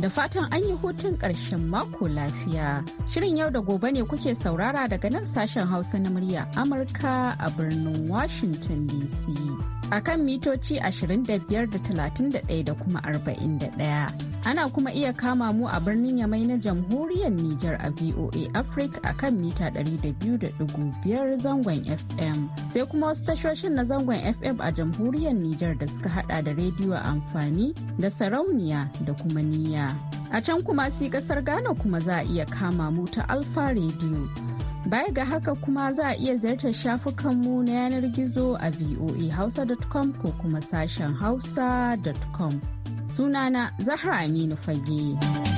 da fatan an yi hutun ƙarshen mako lafiya. Shirin yau da gobe ne kuke saurara daga nan sashen Hausa na murya Amurka a birnin Washington DC. A kan mitoci 25.31 da kuma 41. Ana kuma iya kama mu a birnin Yamai na Jamhuriyar Nijar a VOA Africa a kan mita 200.5 zangon FM. Sai kuma wasu tashoshin na zangon FM a Jamhuriyar Nijar da suka hada da rediyo amfani da sarauniya da kuma niyya. Ghana. A can kuma si kasar Ghana kuma za a iya kama mu ta Alfa Radio. Baya ga haka kuma za a iya ziyartar shafukanmu na yanar gizo a voahausa.com ko kuma sashen hausa.com. Sunana Zahra Aminu Fage.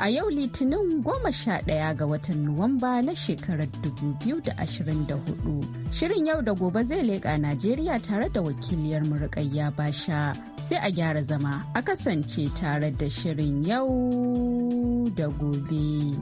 A yau Litinin goma sha ɗaya ga watan Nuwamba na shekarar dubu biyu da da ashirin 2024. Shirin yau da gobe zai leƙa Najeriya tare da wakiliyar murƙayya Basha. Sai a gyara zama a kasance tare da shirin yau da gobe.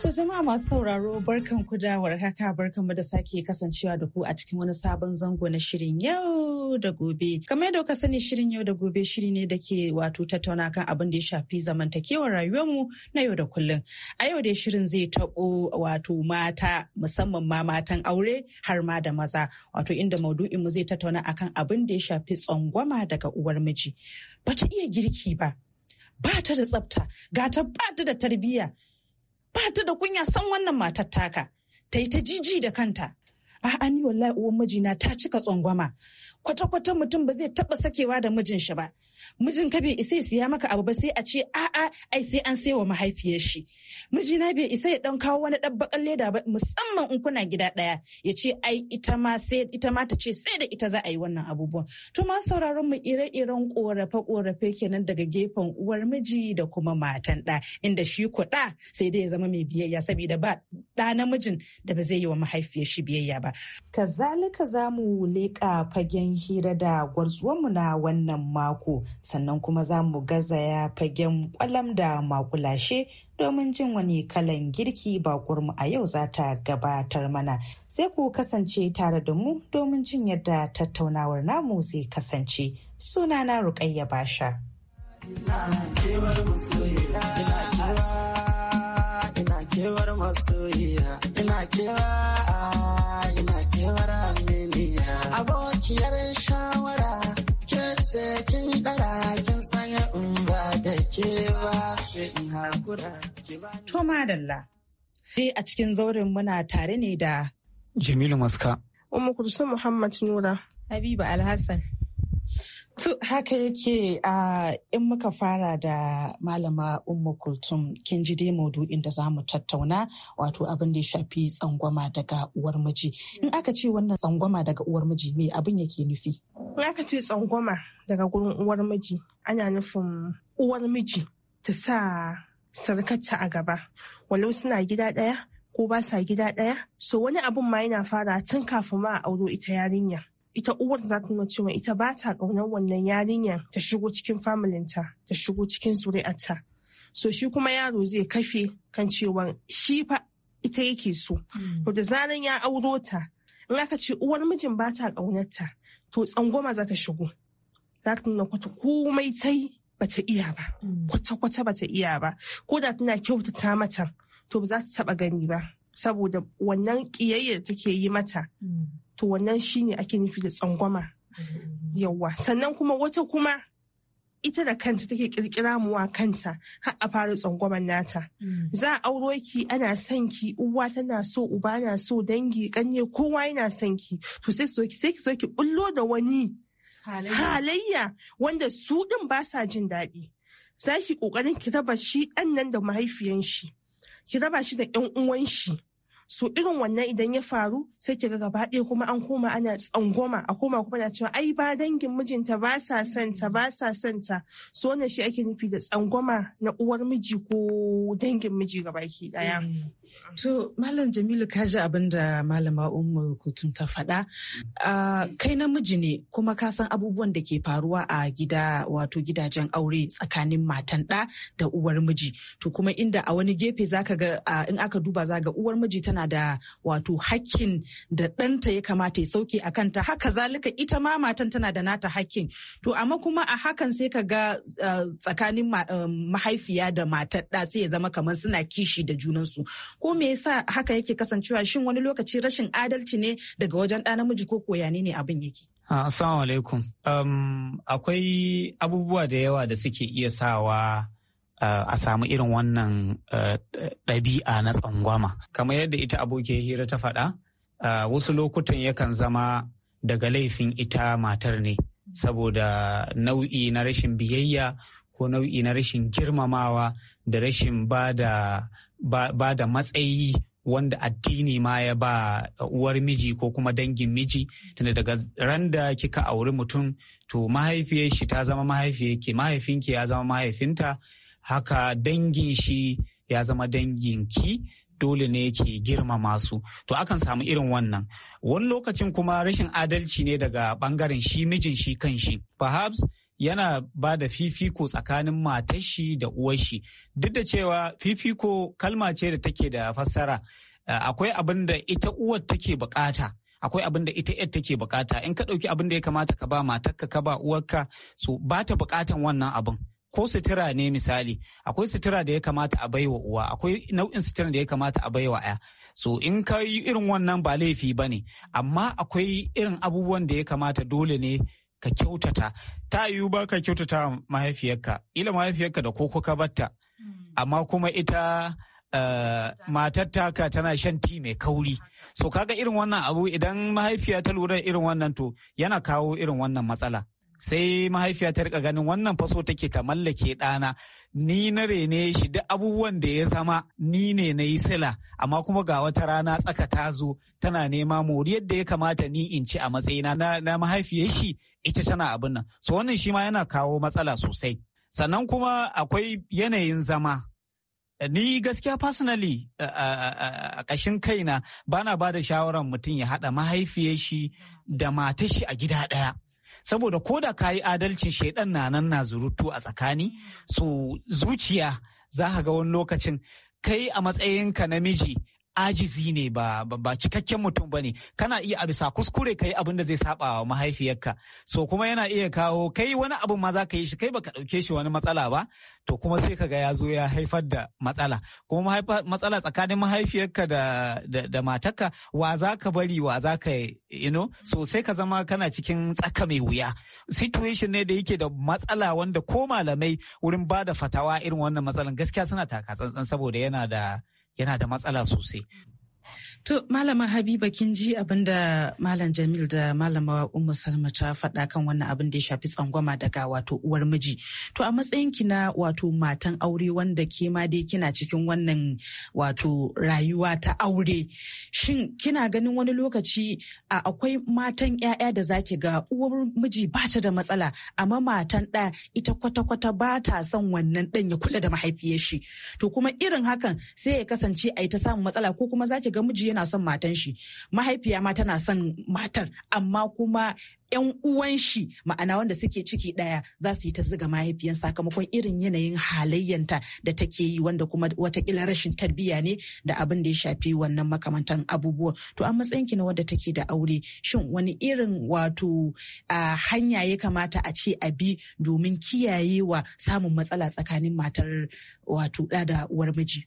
To jama'a masu sauraro barkan ku da warhaka barkan mu da sake kasancewa da ku a cikin wani sabon zango na shirin yau da gobe. Kamar yadda ka sani shirin yau da gobe shiri ne da ke wato tattauna kan abin da ya shafi zamantakewar rayuwarmu na yau da kullum. A yau dai shirin zai taɓo wato mata musamman ma matan aure har ma da maza wato inda maudu'in mu zai tattauna akan abin da ya shafi tsangwama daga uwar miji. Ba ta iya girki ba, ba ta da tsafta, ga ta ba ta da tarbiyya. ba ta da kunya san wannan matar taka ta yi ta jiji da kanta a'a ni wallahi uwan mijina ta cika tsangwama kwata-kwata mutum ba zai taba sakewa da mijin shi ba mijin ka bai isa ya siya maka abu ba sai a ce a'a ai sai an sai wa mahaifiyar shi mijina bai isa ya dan kawo wani dan bakan leda ba musamman in kuna gida daya ya ce ai ita ma sai ita ma ta ce sai da ita za a yi wannan abubuwan to ma sauraron mu ire-iren korafe-korafe kenan daga gefen uwar miji da kuma matan da inda shi kuɗa sai dai ya zama mai biyayya saboda ba ɗa namijin da ba zai yi wa mahaifiyar shi biyayya ba Amurka. Kazalika za mu leƙa fagen hira da gwarzuwanmu na wannan mako sannan kuma za mu gazaya fagen kwalam da makulashe domin jin wani kalan girki bakurmu a yau za ta gabatar mana. Sai ku kasance tare da mu domin jin yadda tattaunawar namu zai kasance. Sunana Rukayya Basha. kewar masoyiya ina kewa ina kewar aminiya abokiyar shawara ke ce kin dara kin sanya in ba da kewa sai in hakura to madalla dai a cikin zauren muna tare ne da jamilu maska umma kursu muhammad nura habiba alhassan To haka yake a in muka fara da malama umma kultum kin ji dai maudu'in da zamu tattauna wato abin da ya shafi tsangwama daga uwar miji. In mm. aka ce wannan tsangwama daga uwar miji me abin yake nufi? In aka ce tsangwama daga gurin uwar miji ana nufin uwar miji ta sa sarkarta a gaba walau suna gida ɗaya ko ba sa gida ɗaya so wani abun ma yana fara tun kafin ma a auro ita yarinya ita uwar za ta cewa ita ba ta ƙaunar wannan yarinyar ta shigo cikin familinta ta shigo cikin zuri'arta so shi kuma yaro zai kafe kan cewa shi fa ita yake so hmm. to da zaran ya auro ta in aka ce uwar mijin ba ta ta to tsangwama za ta shigo za ta nuna kwata komai ta yi ba ta iya ba hmm. kwata-kwata ba ta iya ba ko da tana kyautata mata to ba za ta taɓa gani ba saboda wannan ƙiyayyar take yi mata hmm. to wannan shi ne ake nufi da tsangwama mm-hmm. yawa sannan kuma wata kuma ita da kanta take kirkira muwa kanta har a fara tsangwaman nata mm. za a auro ki ana son ki uwa tana so uba na so dangi kanye kowa yana son ki to sai so ki sai ki so ki bullo da wani halayya wanda su din ba sa jin daɗi za ki kokarin ki raba shi ɗan nan da mahaifiyan shi ki raba shi da yan uwan shi so irin wannan idan ya faru sai kiga gaba ɗaya kuma an koma ana tsangoma a koma kuma na cewa ai ba dangin mijinta ba sa santa ba sa santa so wannan shi ake nufi da tsangoma na uwar miji ko dangin miji gabaki daya mm. to malam jamilu ka ji abin da malama umar kutun ta faɗa kai na miji ne kuma ka san abubuwan da ke faruwa a gida wato gidajen aure tsakanin matan ɗa da uwar miji to kuma inda a wani gefe zaka ga in aka duba zaga ga uwar miji tana tana da wato hakkin da ɗanta ya kamata ya sauke a kanta haka zalika ita ma matan tana da nata hakkin to amma kuma a hakan sai ka ga eh, tsakanin eh, mahaifiya da matar ɗa sai ya zama kamar suna kishi da junansu ko me yasa haka yake kasancewa shin wani lokaci rashin adalci ne daga wajen ɗa namiji ko yane ne abin yake ah, Assalamu alaikum. Um, akwai abubuwa da yawa da suke iya sawa Eh, a samu irin wannan eh, ɗabi'a na tsangwama kamar yadda ita abokin hira ta faɗa eh, wasu lokutan yakan zama daga laifin ita matar ne saboda nau'i na rashin biyayya ko nau'i na rashin girmamawa da rashin ba da matsayi wanda addini ma ya ba uwar miji ko kuma dangin miji tunda daga randa kika auri mutum to mahaifiyar shi ta zama ki mahaifinki ya zama mahaifinta haka dangin shi ya zama dangin ki dole ne ke girmama su to akan samu irin wannan wani lokacin kuma rashin adalci ne daga bangaren shi mijin shi kan shi perhaps yana ba da fifiko tsakanin matar shi da uwar shi duk da cewa fifiko kalma ce da take da fassara eh, akwai abin da ita uwar take bukata akwai abin da ita yar take bukata in ka ɗauki abin da ya kamata ka ba matarka ka ba uwarka so ba ta bukatan wannan abin ko sutura ne misali akwai sutura da ya kamata a baiwa uwa akwai nau'in sutura da ya kamata a baiwa ya so in ka yi irin wannan ba laifi ba ne amma akwai irin abubuwan da ya kamata dole ne ka kyautata ta yiwu ba ka kyautata mahaifiyarka ila mahaifiyarka da koko ka batta hmm. amma kuma ita Uh, matar tana shan ti mai kauri so kaga irin wannan abu idan mahaifiya ta lura irin wannan to yana kawo irin wannan matsala sai mahaifiya ta rika ganin wannan faso take ta mallake ɗana ni na rene shi duk abubuwan da ya zama ni ne na yi sila amma kuma ga wata rana tsaka ta zo tana nema moriyar yadda ya kamata ni in ci a matsayina na mahaifiyar shi ita tana abin nan so wannan shi ma yana kawo matsala sosai sannan kuma akwai yanayin zama ni gaskiya personally a ƙashin kaina bana ba da shawarar mutum ya haɗa mahaifiyar shi da matar shi a gida ɗaya saboda ko da ka yi adalcin shaidan na nan na zurutu a tsakani so zuciya za ka ga wani lokacin kai a matsayinka namiji ajizi ne ba ba cikakken mutum ba ne kana iya a bisa kuskure kai abin da zai saba wa mahaifiyarka so kuma yana iya kawo kai wani abin ma za ka yi shi kai ba ka ɗauke shi wani matsala ba to kuma sai ka ga ya zo ya haifar da matsala kuma matsala tsakanin mahaifiyarka da da matarka wa za ka bari wa za ka you know so sai ka zama kana cikin tsaka mai wuya situation ne da yake da matsala wanda ko malamai wurin ba da fatawa irin wannan matsalan gaskiya suna taka tsantsan saboda yana da yana da matsala sosai To Malama Habiba kin ji abin da Malam Jamil da Malama Ummu Salma ta faɗa kan wannan abin da ya shafi tsangwama daga wato uwar miji. To a matsayin ki na wato matan aure wanda ke ma dai kina cikin wannan wato rayuwa ta aure. Shin kina ganin wani lokaci a akwai matan 'ya'ya da zaki ga uwar miji ba ta da matsala amma matan ɗa ita kwata-kwata ba ta son wannan ɗan ya kula da mahaifiyar shi. To kuma irin hakan sai ya kasance a yi ta samun matsala ko kuma zaki ga miji yana son matan shi mahaifiya ma tana son matar amma kuma yan uwan shi ma'ana wanda suke ciki daya za su yi ta ziga mahaifiyan sakamakon irin yanayin halayyanta da take yi wanda kuma watakila rashin tarbiyya ne da abin da ya shafi wannan makamantan abubuwa to a matsayin ki na wadda take da aure shin wani irin wato hanya ya kamata a ce a bi domin kiyayewa samun matsala tsakanin matar wato da da uwar miji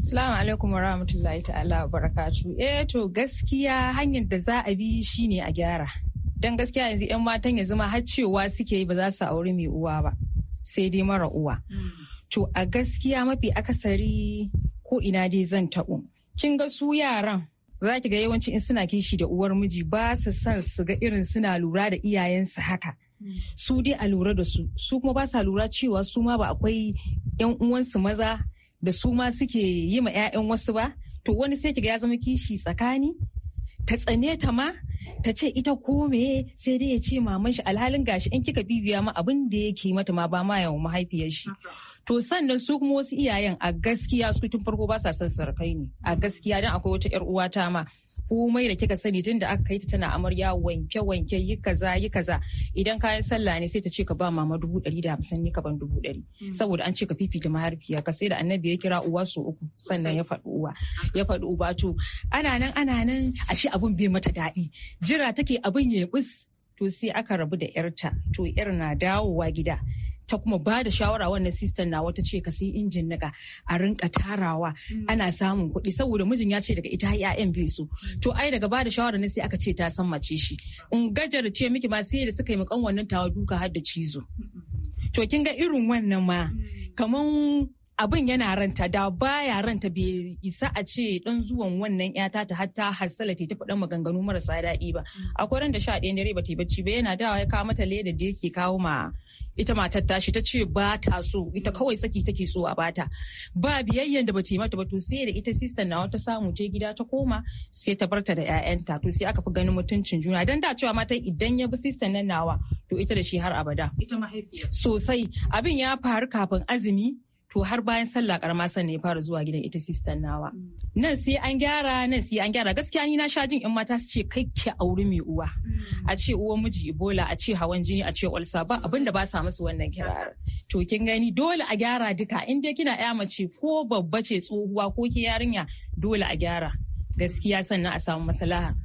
Salamu alaikum rahmatullahi ta'ala barakatu. Eh to gaskiya hanyar da za a bi shi ne a gyara. don gaskiya yanzu 'yan matan yanzu ma har cewa suke yi ba za su auri mai uwa ba. Sai dai mara uwa. Hmm. To a gaskiya mafi akasari ko ina dai zan taɓo. Kin ga su yaran za ki ga yawanci in suna kishi da uwar miji ba su san su ga irin suna lura da iyayensu haka. Hmm. Su dai a lura da su, su kuma ba sa lura cewa su ma ba akwai 'yan uwansu maza da su ma suke yi ma 'ya'yan wasu ba to wani sai kiga ya zama kishi tsakani ta tsane ta ma ta ce ita ko me sai dai ya ce maman shi alhalin gashi in kika bibiya ma abin da yake mata ma ba ma yawan mahaifiyar shi to sannan su kuma wasu iyayen a gaskiya su tun farko ba sa son sarkai ne a gaskiya dan akwai wata yar uwa ta ma komai da kika sani tun da aka kai ta tana amarya wanke wanke yi kaza yi kaza idan kayan sallah ne sai ta ce ka ba mama dubu ɗari da hamsin ni ka ban dubu ɗari mm. saboda an ce ka fifita mahaifiya ka sai da annabi ya kira uwa su uku sannan ya faɗi uwa ya faɗi uba to ana nan ana nan ashe abun bai mata daɗi jira take abun ya bus to sai aka rabu da yarta to yar na dawowa gida ta kuma ba da shawara wannan sistan na wata ce ka sai injin nika a rinka tarawa mm. ana samun kuɗi saboda mijin ya ce daga ita ya'yan bai so mm. to ai daga ba da shawara ne sai aka ce ta san mace shi in gajar ce miki ma sai da suka yi mukan wannan tawa duka har da cizo to kin ga irin wannan ma mm. kaman abin yana ranta da baya ranta bai isa a ce dan zuwan wannan yata ta hatta hassala ta faɗan maganganu marasa daɗi ba mm. akwai ran da sha ɗaya dare ba ta bacci ba yana dawa ya kawo mata leda da yake kawo ma ita matar tashi ta ce ba ta so ita kawai saki take so a bata ba biyayyan da bata yi mata ba to sai da ita sister na ta samu ta gida ta koma sai ta barta da ƴaƴanta to sai aka fi ganin mutuncin juna dan da cewa mata idan ya bi sister nan nawa to ita da shi har abada ita mahaifiya sosai abin ya faru kafin azumi to har bayan sallah karama san ne fara zuwa gidan ita sister nawa mm. nan sai an gyara nan sai an gyara gaskiya ni na sha jin in mata su ce kai ki auri mai uwa mm. a ce uwa miji ibola a ce hawan jini a ce ulsa ba abin da ba sa musu wannan kirar to kin gani dole a gyara duka in dai kina ya mace ko babba ce tsohuwa ko ke yarinya dole a gyara gaskiya sannan a samu maslaha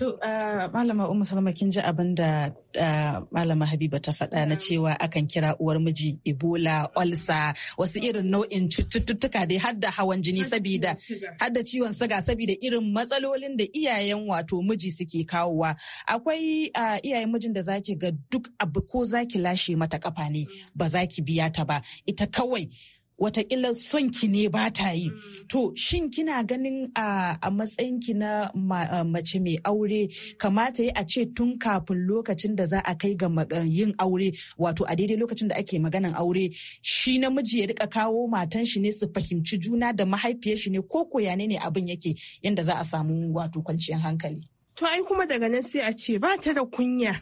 To, ah, Malama Umar Salama kin ji abin da ah, Malama Habiba ta faɗa na mm-hmm. cewa akan kira uwar miji Ebola, olsa, wasu irin nau'in cututtuka dai har hawan jini sabida har ciwon siga sabida irin matsalolin da iyayen wato miji suke kawowa. Akwai ah, iyayen mijin da zaki ga duk abu ko zaki lashe mata kafa ne mm. ba zaki biya ta ba. Ita kawai watakila son ki ne ba ta yi mm. to shin kina ganin a matsayin ki na mace mai aure kamata yi a ce tun kafin lokacin da za a kai ga eh, yin aure wato a daidai lokacin da ake maganan aure shi namiji ya rika kawo matan shi ne su fahimci juna da mahaifiyar shi ne ko koyane ne abin yake yanda za a samu wato kwanciyar hankali to ai kuma daga nan sai a ce ba ta da kunya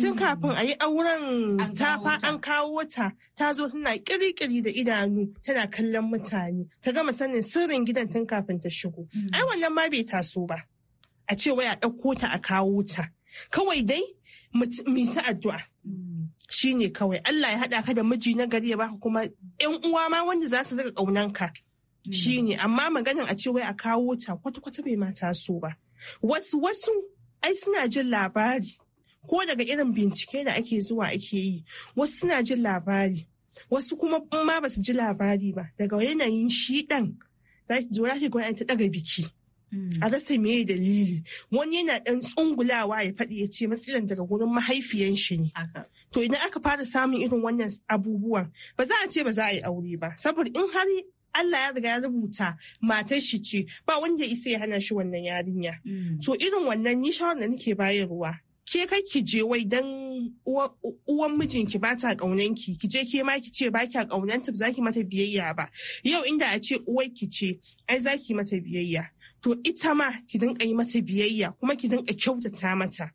tun mm. kafin a yi auren ta fa an kawo ta ta zo tana kirikiri da idanu tana kallon mutane ta gama sanin sirrin gidan tun kafin ta shigo mm. ai wannan ma bai taso ba a ce wai a ɗauko ta a kawo ta kawai dai mu ta addu'a mm. shi ne kawai Allah ya haɗa ka da miji na gari ya baka kuma ƴan uwa ma wanda za su daga ƙaunanka shi ne amma maganin a ce wai a kawo ta kwata-kwata bai ma taso ba wasu wasu ai suna jin labari ko daga irin bincike da ake zuwa ake yi wasu suna jin labari wasu kuma ma ba su ji labari ba daga yanayin shi ɗan za ki gwani ta ɗaga biki mm. a rasa me dalili wani yana ɗan tsungulawa ya faɗi ya ce matsalar daga gurin mahaifiyan shi ne to idan aka fara samun irin wannan abubuwan ba za a ce ba za a yi aure ba saboda in har Allah ya riga ya rubuta matar shi ce ba wanda ya isa ya hana shi wannan yarinya. Mm. To irin wannan ni shawarar da nake bayarwa ke kai ki je wai dan uwan mijinki ba ta kaunanki ki je ke ma ki ce ba ki kaunanta ba zaki mata biyayya ba yau inda a ce uwar ki ce ai zaki mata biyayya to ita ma ki dinka yi mata biyayya kuma ki dinka kyautata mata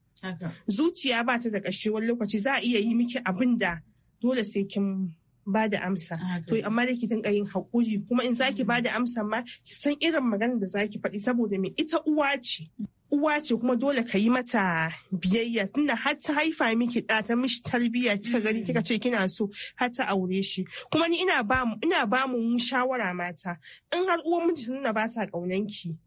zuciya ba ta da ƙarshe wani lokaci za a iya yi miki abin da dole sai kin ba da amsa. To amma da ki dinka yin haƙuri kuma in zaki mm. ba da amsa ma ki san irin magana da zaki faɗi saboda me ita uwa ce. uwa ce kuma dole ka yi mata biyayya tunda har ta haifa miki da ta mishi tarbiyya kika gani mm. kika ce kina so har ta aure shi kuma ni ina ba mu ina ba mu shawara mata in har uwar miji nuna ba ta ƙaunan ki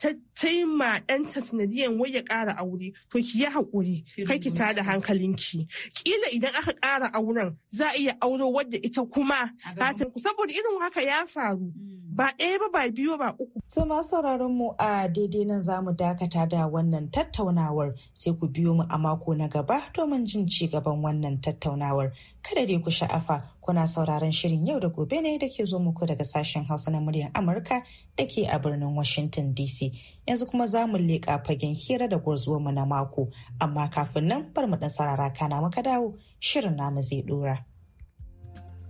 ta taima ɗanta sanadiyan wai ya ƙara aure to ki yi haƙuri kai ki tada hankalinki kila idan aka ƙara auren za a iya auro wadda ita kuma ku. saboda irin haka ya faru mm. ba ɗaya ba ba biyu ba uku. So ma sauraron mu a daidai nan za mu dakata da wannan tattaunawar sai ku biyo mu a mako na gaba domin jin ci gaban wannan tattaunawar. Kada dai ku sha'afa kuna sauraron shirin yau da gobe ne da ke zo muku daga sashen Hausa na muryar Amurka da ke a birnin Washington DC. Yanzu kuma za mu leƙa fagen hira da mu na mako amma kafin nan bar mu ɗan sarara kana muka dawo shirin namu zai ɗora.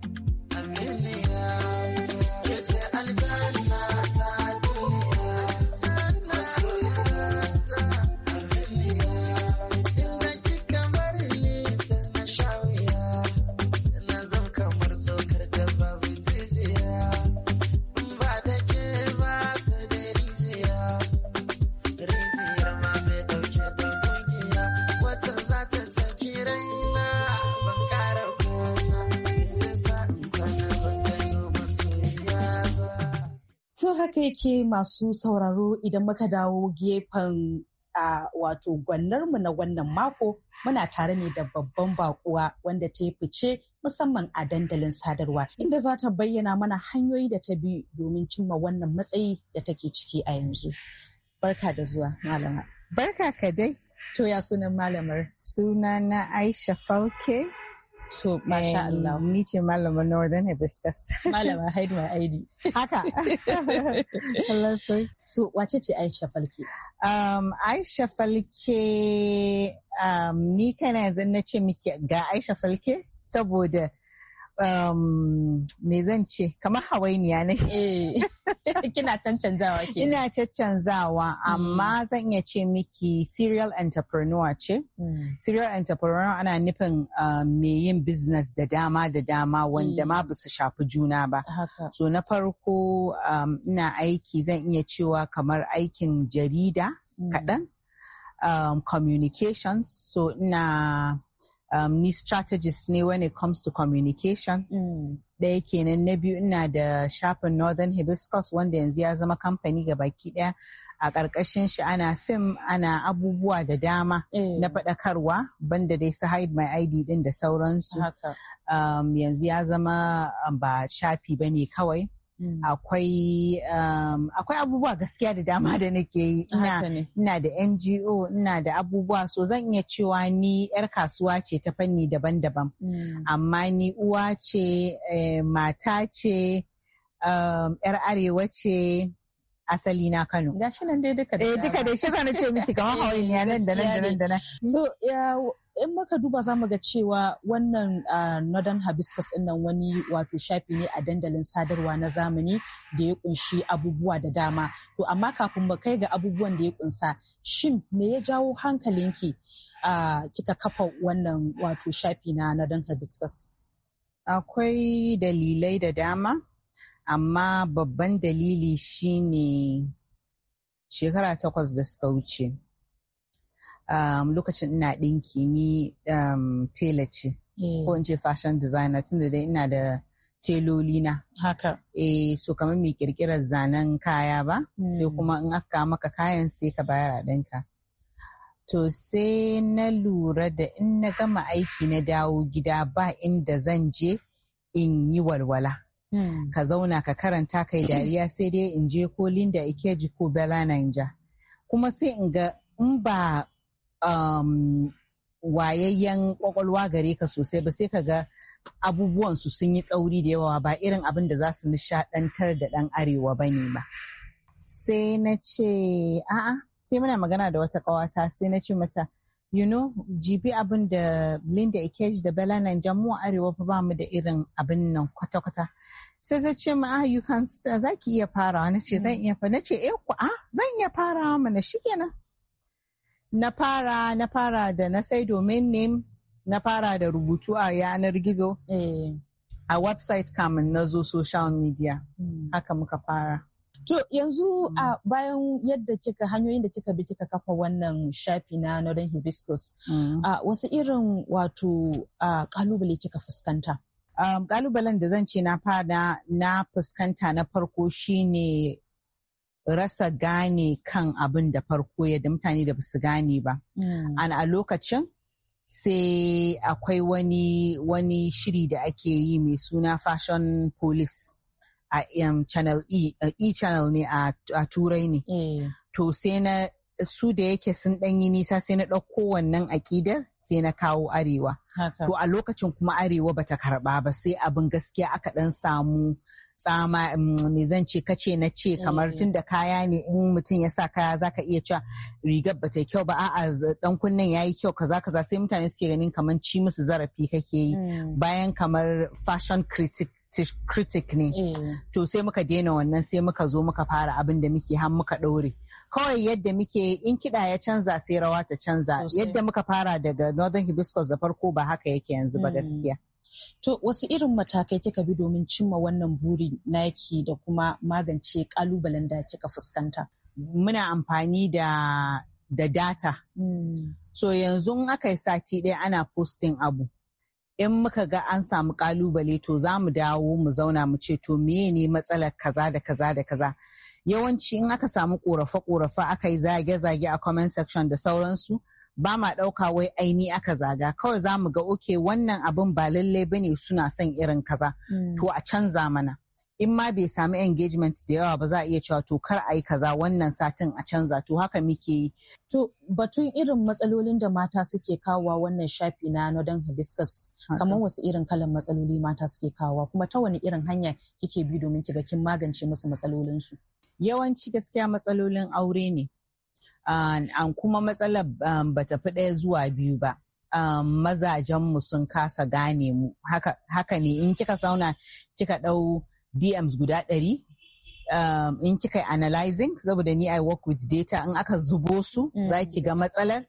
thank you haka yake masu sauraro idan muka dawo gefen a wato mu na wannan mako muna tare ne da babban bakuwa wanda ta yi fice musamman a dandalin sadarwa inda za ta bayyana mana hanyoyi da ta bi domin cimma wannan matsayi da take ciki a yanzu. Barka da zuwa malama. Barka ka dai. To ya sunan malamar? Suna na Aisha Falke. So, Masha Allah. Ni ce malama Northern Hibiscus. Malama Haidu Mai Aidi. Haka. Allah sai. So, wace ce Aisha Falke? Um, Aisha Falke, um, ni kana yanzu na ce miki ga Aisha Falke saboda me zan ce kamar hawainiya ne eh. kina cancanzawa ke ina cancanzawa hmm. amma zan iya ce miki serial entrepreneur ce hmm. serial entrepreneur ana nufin me yin business da dama da dama wanda hmm. ma ba su shafi juna ba so na farko ina aiki zan iya cewa kamar aikin jarida kaɗan communications so ina um, ni strategies ne when it comes to communication. Mm. Ɗaya kenan na biyu ina da shafin Northern Hibiscus wanda yanzu ya zama kamfani ga baki ɗaya. A ƙarƙashin shi ana fim ana abubuwa da dama mm. na faɗakarwa banda dai su hide my ID ɗin da sauransu. Um, yanzu ya zama um, ba shafi ba ne kawai. Mm. Um, akwai abubuwa gaskiya da dama da nake yi ina da ngo ina da abubuwa so zan iya cewa ni 'yar kasuwa ce ta fanni daban-daban mm. amma ni uwa ce eh, mata ce 'yar um, arewa ce asali na Kano. Gashi nan dai duka da. Eh, duka dai shi zana ce miki kamar eh, hawainiya nan da nan da nan da nan. So ya in muka duba za mu ga cewa wannan northern hibiscus ɗin nan wani wato shafi ne a dandalin sadarwa na zamani da ya kunshi abubuwa da dama to amma kafin mu kai ga abubuwan da ya kunsa shin me ya jawo hankalinki a kika kafa wannan wato shafi na northern hibiscus akwai dalilai da dama amma babban dalili shine shekara takwas da suka wuce um, lokacin ina ɗinki ni um, tela ce eh. ko in ce fashion designer tunda dai ina da teloli na haka E, so kamar mai kirkirar zanen kaya ba mm. sai hmm. kuma in aka maka kayan sai ka bayar a ɗinka to sai na lura da in na gama aiki na dawo gida ba inda zan je in yi walwala hmm. ka zauna ka karanta kai dariya sai dai in je ko Linda Ikeji ko Bella Ninja. Kuma sai in ga in ba um, wayayyen kwakwalwa gare ka sosai ba sai ka ga abubuwan su sun yi tsauri da yawa ba irin abin da za su nishadantar da ɗan arewa ba ne ba. Sai na ce, a'a, sai muna magana da wata ƙawata sai na ce mata, you know, jibi abin da Linda ikej da Bella Nan mu arewa fa ba mu da irin abin nan kwata-kwata. Sai zai ce ma, ah, you can za ki iya farawa, na ce zan iya fara, na ce, eh ku, a ah, zan iya farawa mana shi kenan. na fara na fara da na sai domin name na fara da rubutu a yanar gizo eh. a website kamun na zo social media hmm. haka muka fara To yanzu hmm. a bayan yadda kika hanyoyin da kika bi kika kafa wannan shafi na Northern Hibiscus, hmm. wasu irin wato kalubale kika fuskanta? Um, kalubalen da zan ce na fada na fuskanta na farko shine rasa gane kan abin da farko yadda mutane da basu gane ba. Mm. An a lokacin sai akwai wani wani shiri da ake yi mai suna fashion police a um, channel e, uh, e, channel ne a, a turai ne. Eh. To sai na su da yake sun yi nisa sai na ɗauko wannan aƙidar sai na kawo arewa. To a lokacin kuma arewa bata karɓa ba sai abin gaskiya aka ɗan samu tsama mm, me zan ce kace na ce kamar eh. tun da kaya ne in mutum ya sa kaya zaka iya cewa rigar bata kyau ba a'a dan kunnen yayi kyau kaza kaza sai mutane suke ganin kamar ci musu zarafi kake yi hmm. bayan kamar fashion critic critic ne eh. to sai muka daina wannan sai muka zo muka fara abin da muke har muka ɗaure kawai yadda muke in kiɗa ya canza sai rawa ta canza yadda muka fara daga northern hibiscus da farko ba haka yake yanzu ba mm. gaskiya To wasu irin matakai kika bi domin cimma wannan buri naki da kuma magance kalubalen da kika fuskanta? Muna amfani da da data. To mm. So yanzu in aka sati ɗaya ana posting abu. in muka ga an samu kalubale to za mu dawo mu zauna mu ce to meye ne matsalar kaza da kaza da kaza yawanci in aka samu korafe-korafe aka yi zage-zage a comment section da sauransu ba ma ɗauka wai aini aka zaga kawai za mu ga oke wannan abin ba lallai ba ne suna son irin kaza mm. to a canza mana in ma bai sami engagement da yawa ba za a iya cewa to kar a yi kaza wannan satin a canza to haka muke yi. To batun irin matsalolin da mata suke kawowa wannan shafi na Northern Hibiscus kamar wasu irin kalan matsaloli mata suke kawowa kuma ta wani irin hanya kike bi domin kiga kin magance musu matsalolin su. Yawanci gaskiya matsalolin aure ne. Ah, an kuma matsalar um, bata fi ɗaya zuwa biyu ba. Um, mazajenmu sun kasa gane mu haka, haka ne in kika sauna kika ɗau DMs guda ɗari um, in kika yi analyzing saboda ni I work with data in aka zubo su mm. za ki ga matsalar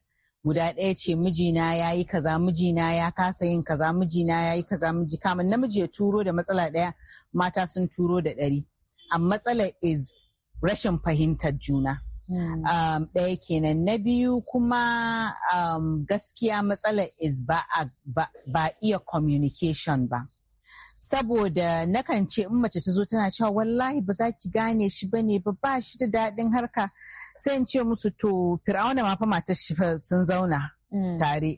guda ɗaya ce mijina ya yi kaza mijina ya kasa yin kaza mijina ya yi kaza miji kamun namiji ya turo da matsala ɗaya mata sun turo da ɗari a matsalar is rashin fahimtar juna mm. um, ɗaya kenan na biyu kuma um, gaskiya matsalar is ba, ba, ba iya communication ba saboda nakan ce in mace ta zo tana cewa wallahi ba za ki gane shi ba ne ba ba shi da daɗin harka sai in ce musu to fir'auna ma fa matar shi sun zauna mm. tare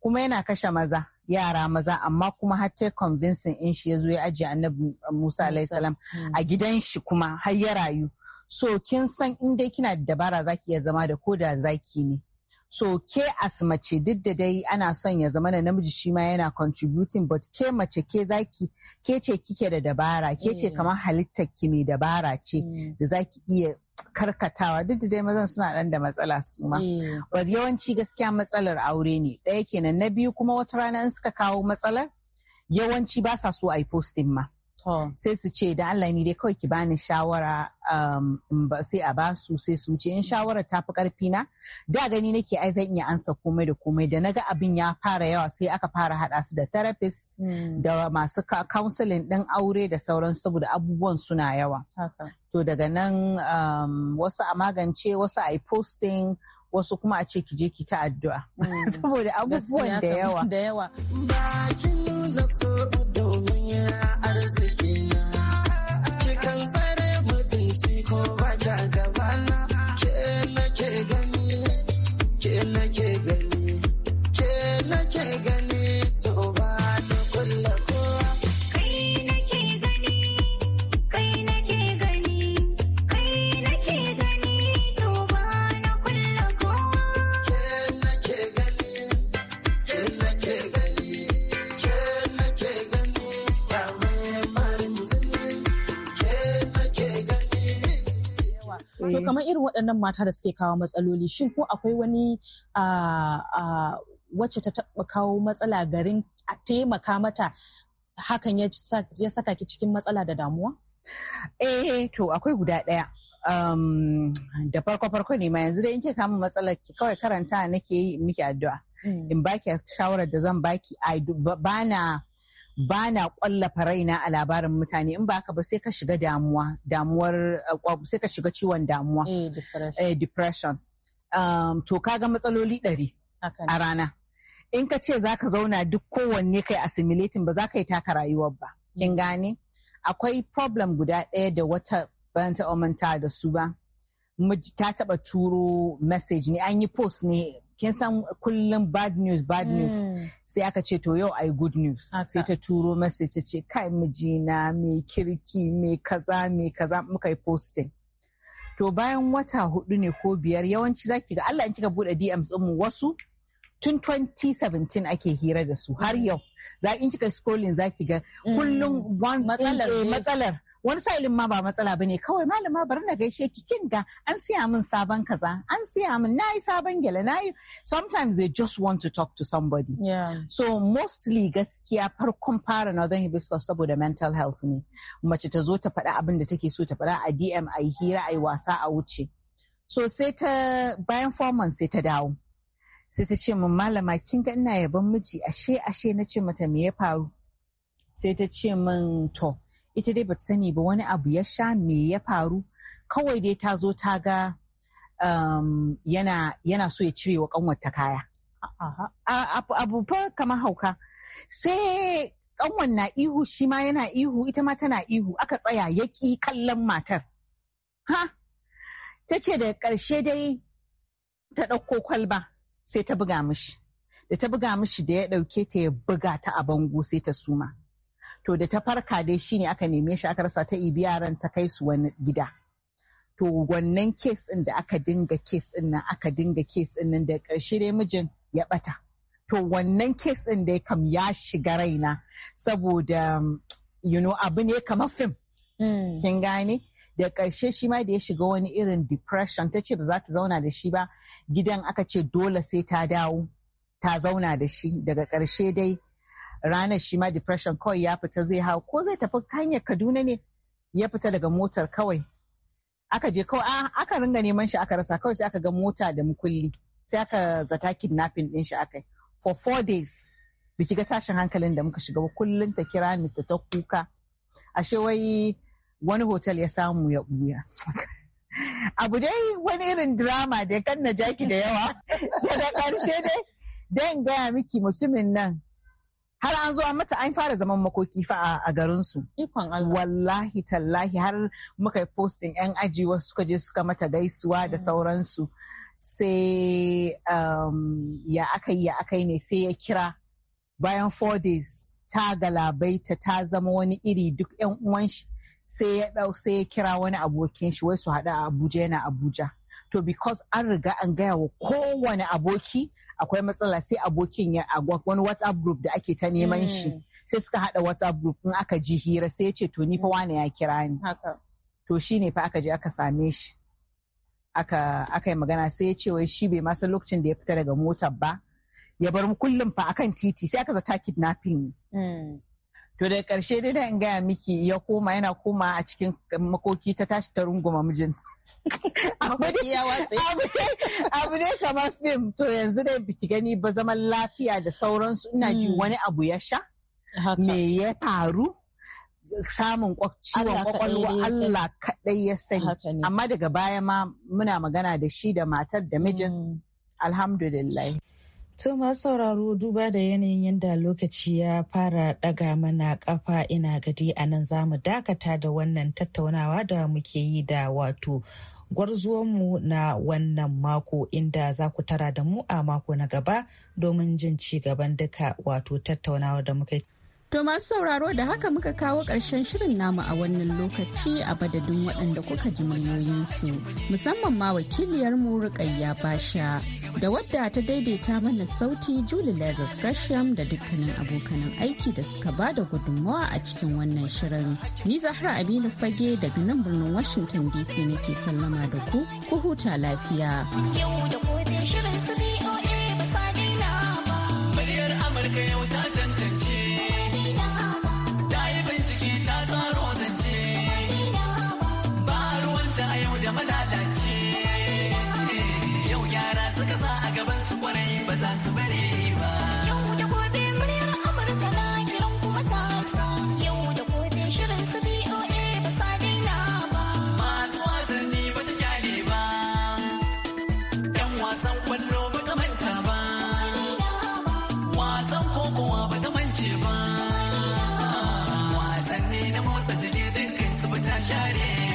kuma yana kashe maza yara maza amma kuma har ta convincing in shi ya zo ya ajiye annabi Musa alayhi salam mm. a gidan shi kuma har ya rayu so kin san in dai kina da dabara zaki iya zama da ko da zaki ne So ke as mace duk da dai ana son ya zama na namiji shi ma yana contributing but ke mace ke zaki ke ce kike da dabara ke ce mm. kamar halittar ki mai dabara ce mm. da zaki iya karkatawa duk da dai mazan suna dan da matsala su ma. Mm. yawanci gaskiya matsalar aure ne ɗaya kenan na biyu kuma wata rana in suka kawo matsalar yawanci ba sa so a yi posting ma. sai su ce da Allah ni dai kawai ki bani shawara um, ba sai a basu sai su ce in shawara ta fi karfi na da gani nake ai zan iya ansa komai da komai da naga abin ya fara yawa sai aka fara hada su da therapist hmm. da masu counseling din aure da sauran saboda abubuwan suna yawa to daga nan um, wasu a magance wasu a yi posting wasu kuma a ce ki je ki ta addu'a hmm. saboda abubuwan da yawa. Bakin nuna so domin ya arziki. kamar irin waɗannan mata da suke kawo matsaloli shin ko akwai wani wacce ta taɓa kawo matsala garin a taimaka mata hakan ya saka ki cikin matsala da damuwa? Eh to akwai guda ɗaya. Um, da farko farko ne ma yanzu da in ke kama matsalar ki kawai karanta nake yi miki addu'a. Hmm. In baki shawarar da zan baki bana ba na kwallafa raina a labarin mutane in ba ka ba sai ka shiga damuwa damuwar uh, sai ka shiga ciwon damuwa eh, depression eh, um, to kaga matsaloli ɗari a rana in ka ce za ka zauna duk kowanne kai assimilating ba za ka yi taka rayuwar ba kin mm. gane akwai problem guda ɗaya da wata ban ta da su ba ta taɓa turo message ne an yi post ne kin san kullum bad news bad news hmm. sai aka ce to yau ai good news sai ta turo masa ta ce kai mijina mai kirki mai kaza mai kaza muka yi posting to bayan wata hudu ne ko biyar yawanci zaki ga Allah in kika bude DMs mu wasu tun 2017 ake hira da su har hmm. yau za in kika scrolling zaki ga kullum hmm. one eh, matsalar wani sa'ilin ma ba matsala ba bane kawai malama bari na gaishe ki kin ga an siya min sabon kaza an siya min nayi sabon gele nayi sometimes they just want to talk to somebody yeah. so mostly gaskiya farkon fara northern hibiscus saboda mental health ne mace ta zo ta faɗa abin da take so ta faɗa a dm a yi hira a yi wasa a wuce so sai ta bayan foreman sai ta dawo sai ta ce min malama kin ga ina yaban miji ashe ashe na ce mata me ya faru sai ta ce min to ita dai bata sani ba wani abu ya sha me ya faru kawai dai ta zo ta ga um, yana, so ya cire wa kanwarta kaya abu fa kamar hauka sai kanwan na ihu shi ma yana ihu ita ma tana ihu aka tsaya ya kallon matar ha ta ce da ƙarshe dai ta ɗauko kwalba sai ta buga mishi da ta buga mishi da ya ɗauke ta ya buga ta a bango sai ta suma to da ta farka dai shi ne aka neme shi aka rasa ta ibi yaran ta kai su wani gida to wannan kes ɗin da aka dinga kes ɗin nan aka dinga kes ɗin nan da ƙarshe dai mijin ya bata to wannan kes ɗin dai kam ya shiga raina saboda you know abu ne kamar fim hmm. kin gane da karshe shi ma da ya shiga wani irin depression ta ce ba za ta zauna da shi ba gidan aka ce dole sai ta dawo ta zauna da shi daga karshe dai ranar shi ma depression kawai ya fita zai hau ko zai tafi hanyar kaduna ne ya fita daga motar kawai aka je kawai ah, aka ringa neman shi aka rasa kawai sai aka ga mota da mukulli sai aka zata kidnapping din shi aka for four days biki ga tashin hankalin da muka shiga kullum ta kira ni ta ta kuka ashe wai wani hotel ya samu ya buya abu dai wani irin drama da ya kanna jaki da yawa Da karshe dai dan gaya miki mutumin nan har an zo an mata an fara zaman makoki fa a garin su wallahi tallahi har muka yi posting yan aji wasu suka je suka mata gaisuwa da mm. sauransu sai um, ya aka yi ya aka yi ne sai ya kira bayan four days ta galabaita ta zama wani iri duk yan uwan shi sai ya dau sai ya kira wani abokin shi wai su hada a Abuja yana Abuja to because an riga an gaya wa kowane aboki akwai matsala sai abokin ya a wani whatsapp group da ake ta neman hmm. shi sai suka haɗa whatsapp group in aka ji hira sai ya ce to ni fa hmm. wani ya kira ni to shi ne fa aka je aka same shi aka aka yi magana sai ya ce wai shi bai ma san lokacin da ya fita daga motar ba ya bar mu kullum fa akan titi sai aka zata kidnapping hmm. to da karshe dai dan gaya miki ya koma yana koma a cikin makoki ta tashi ta runguma mijin abu ne kamar fim to yanzu dai biki gani ba zaman lafiya da sauransu ina ji hmm. wani abu ya sha me ya faru samun ciwon kwakwalwa Allah kaɗai ya sani amma daga baya ma muna magana da shi da matar da mijin hmm. alhamdulillah To masu sauraro duba da yanayin yadda lokaci ya fara daga mana kafa ina gadi a nan za mu dakata da wannan tattaunawa da muke yi da wato gwarzuwanmu na wannan mako inda za ku tara da mu a mako na gaba domin jin ci gaban duka wato tattaunawa da muka To masu sauraro da haka muka kawo ƙarshen shirin namu a wannan lokaci a badadin waɗanda kuka ji muryoyinsu musamman ma wakiliyarmu Rukayya Basha da wadda ta daidaita mana sauti Julie Lazarus Gresham da dukkanin abokanan aiki da suka ba da gudunmawa a cikin wannan shirin. Ni Zahra Aminu Fage daga nan birnin Washington DC nake sallama da ku, ku huta lafiya. Yau da ya motsa jini dinkin su fita share